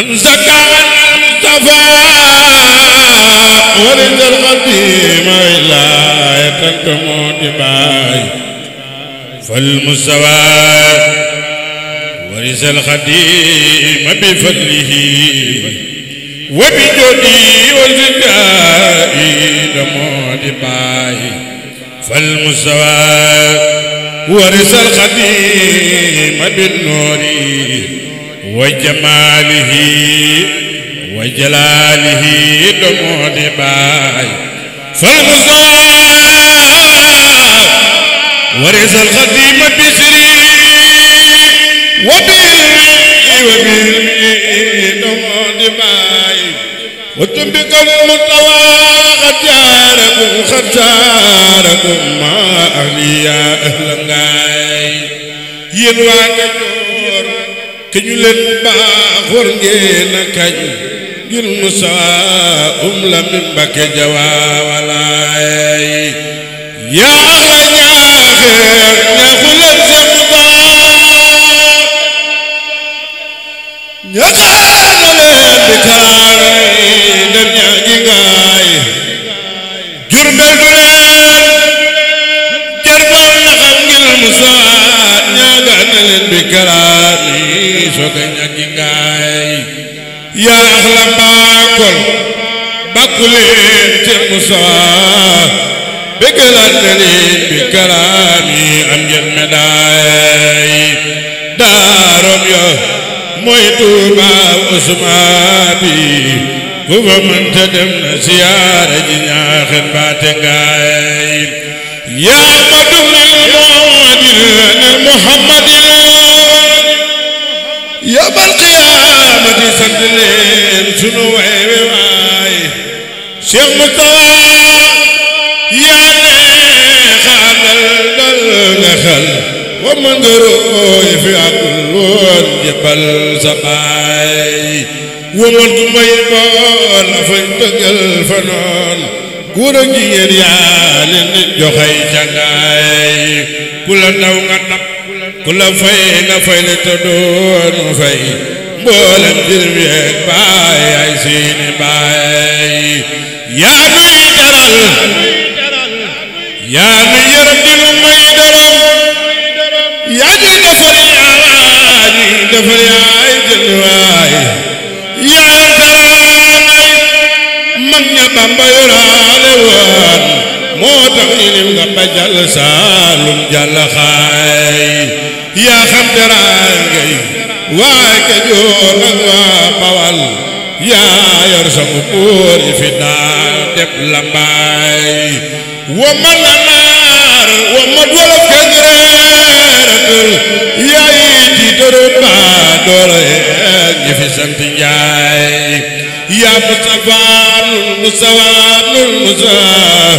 أنزكى المصطفى ورد القديم إلى يقدم دماي فالمستوى ورث القديم بفضله وبجودي وزدائي دمو دماي فالمستوى ورث القديم بالنور wa jamaalihi wa jalaalihi domoo di baay fal muxtaar warisal xadiima bisri wa bii wa bii domoo di baay wa tumbikam mutawaaxa jaarakum xataarakum maa ahli yaa ahla ngaay yéen waa ki ñu baax war ngeen a kañ ngir Musa um la mi Mbàkke jawaawalaay yaa ñaaxeer ñaaxu leen sa Musa la bàkkol bàkku leen ci Musaa bëggalaat na leen bi kalaami am ngeen médaay daarom yo mooy tuubaaw Usmaan bi ku fa mënta dem na siyaare ji ñaaxen baate ngaay yaa madunal muhammadil muhammadil yawmal qiyaamati sant leen sunu way wi waay Cheikh a àndal dal nga xal wa ma ngërooy fi àndul woon jëbal sa baay woman bu may bool a fa noon góor ak jigéen yaa leen di joxay càngaay ku la ndaw nga ndab ku la fay nga fay le te doon fay boole mbir mi ak baay ay seeni baay yaa nuy teral yaa nuy yaram di lu may daram yaa ñu defal yaa ñu defal yaay jël waay yaa teraangay mag ña Bamba yoraale woon moo tax ñu lim nga ba jàll Saalum jàll xaay yaa xam teraangay waa Kajoor ak waa Bawal yaa yor sama buur yi fi daal dem la wa ma naar wa ma dool kajoor yaay di doro baa doole ñi fi sant njaay yaa musawaanul musawaanul musaa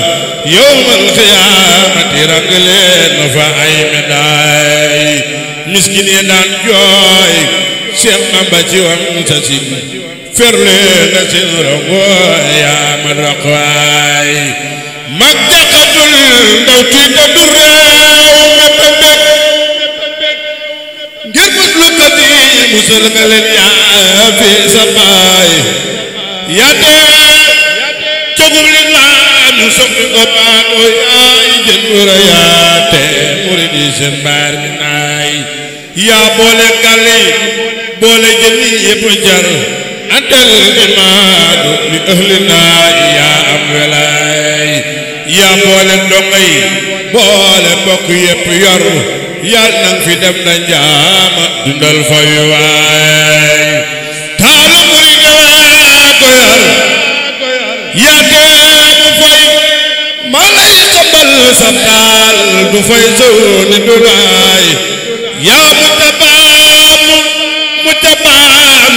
yawmal qiyaamati rang leen fa ay medaay miskin yi daan ci wam sa si ferle na seen yaa ma raqaay mag daqatul ndaw tuy dëddu raaw mépp fi sa baay yaa tee cogum lislaam soppi ko baat o yaay yaa tee murid yi seen yaa boole gàlle boole jëli yëpp jar antal imaadu li ahlina yaa am welaay yaa boole ndongo boole bokk yëpp yor yal na fi dem na njaama dundal fay waay taalu murid waa ko yor yaa teemu fay ma lay tëmbal taal du fay sow du naa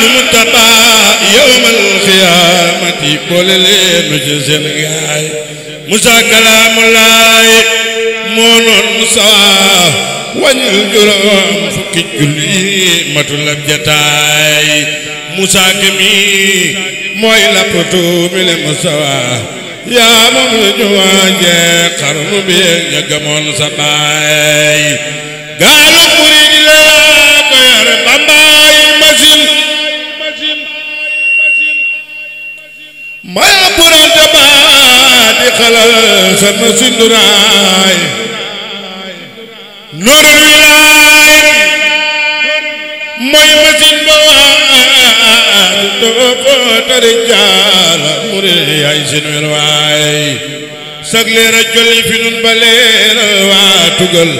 المتقى يوم القيامة كل لين جزل غاي موسى كلام الله مونون سوا وانيل جرام فكي جلي مطلب جتاي موسى كمي موي لابتو ملي موسى yaa moom la ñu waajee xarnu bi ña gëmoon sa baay gaanu muri soxna sinduraay nuurul wilaay mooy masin ba waat topo tari jaala muri ay sin wel waay sag leer a jolli fi nun ba leeral waa tugal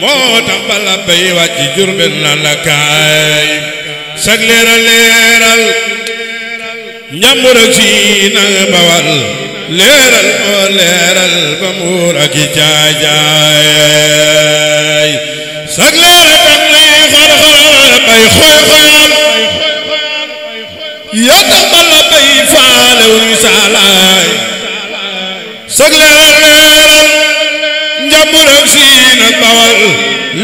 moo tax ba la bay wàcc Jurbel na la kaay sag leer a leeral njambur ak siin a bawal leeral moo leeral ba muur ak i caay sag leer kam lay xor xor bay xooy xooyaan yaa tax ba la bay faale sag leer leeral njàmbur ak siin ak bawal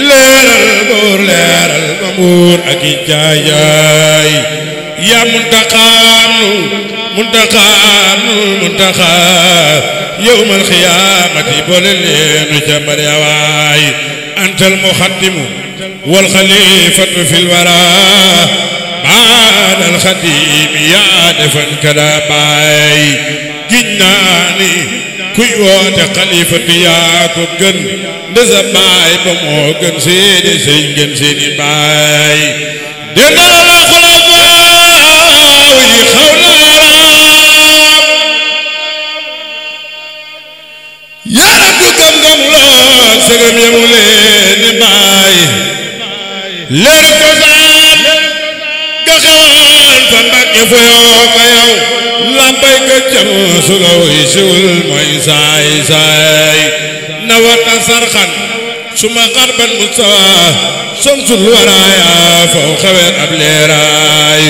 leeral buur leeral ba muur ak i caay caay muntaxa nul muntaxa yowmal xiyaamati boole leenu ca Mariya waay antal muxaddimu wal xalifatu fil wara baadal xadim yaa defan kada baay giñ naa ni kuy woote xalifatu yaa ko gën ndesa baay ba moo gën seeni sëñ gën seeni baay leen yemu leer ko saan ga xewaan fa Mbàkke fuyoo ko yow lambay ko mooy saay saay na wata sarxan suma xarban mustawa somsul waraaya faw xeweer ab leeraay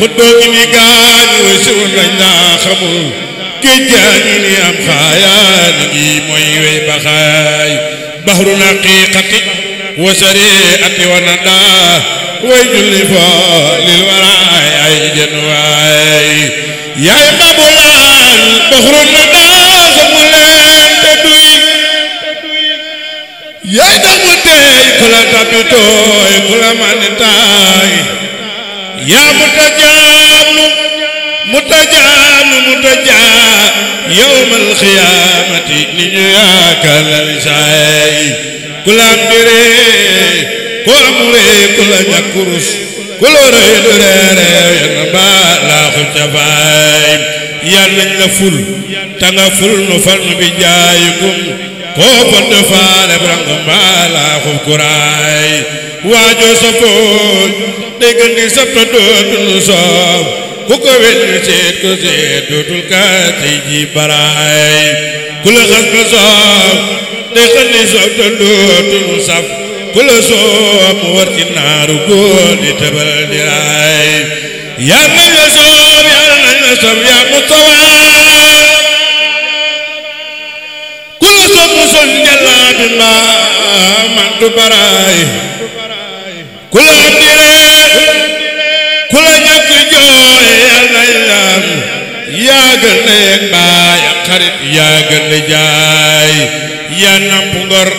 xutboo ngi ni gaañ wuy siwul lañ naa xamul géej gaa ngi ni am xaayaa ni mooy wey baxaay بحر نقيقة وسريئة وندى ويجل للوراء أيد واي يا إمام البحر الندى سمولين تدوي يا دمتي كل تبتوي كل منتاي يا متجام متجام متجام yawmal xiyaamati ni ñu yaakalal saay ku la am ku am ree ku la ñàkk ku la rëy reere yal na baa laaxu cafaay yal nañ la ful tanga ful nu fal nu bi jaayukum koo fond faale brang baa laaxu kuraay waajoo sa pooj day gën di sabta dootu nu soob ku ko wel seet ko seet dootul kaati ji baraay ku la xas ba soob te xas ni soob te dootul saf ku la soob mu war ci naaru góor di tëbal di raay yaa nañ la soob yaa nañ la soob yaa mu tawaa ku la soob mu sol njallaa bi mbaa mantu baraay ku la yaa gën a yegg baayam xarit yaa gën a jaay yaa namp ngor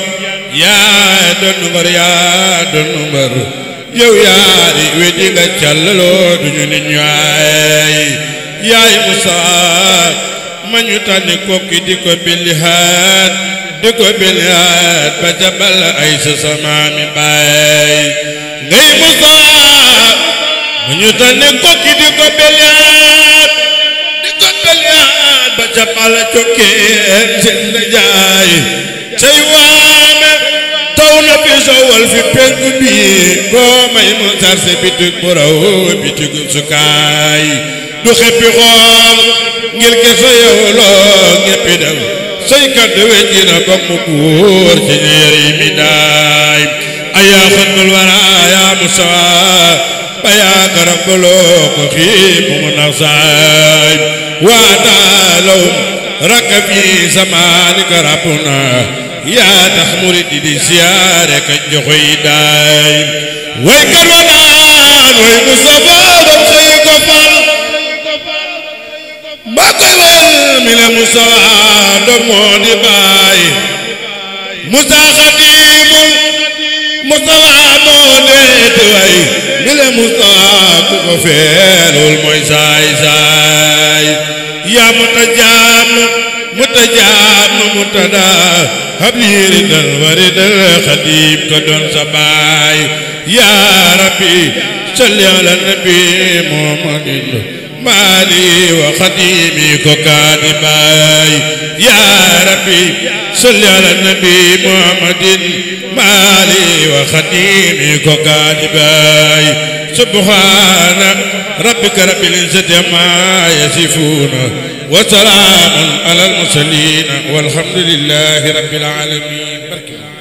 yaa donn ngor yaa donn ngor yow yaari weddi nga càllaloo duñu ni ñaay yaay Musa ma ñu tànni kokki di ko bilihaat di ko bilihaat ba ay sa samaami baay ngay Musa ma ñu tànni kokki di ko bilihaat ca xala cokkeem seen jaay cey waame taw na fi sowal fi penku bi koo may mu sarse bitig bu raw bitig sukaay du xeppi xool ngir ke sa yow loo ngeppi dem say kaddu weji na bokk mu buur ci yi mi daay ayaa xamul wara yaa musaa ba yaa garab baloo ko xiimu mu nasaay وتعالوا رك في زمانك ربنا يا تخمر دي زيارك جوي داي ويكر ولا موي مصطفى وخي كفال بكر من مصطفى دمون باي مصطفى خديم مصطفى مولد وي من مصطفى ku ko feelul mooy saay saay yaa mutajaam mutajaam mutadaa habli ridal waridal xadiim ko doon sa baay yaa rabbi salli ala nabi muhammadin مالي وخديمي كوكاد باي يا ربي صل على النبي محمد مالي وخديمي كوكاد باي سبحان ربك رب العزة عما يصفون وسلام على المرسلين والحمد لله رب العالمين بركة.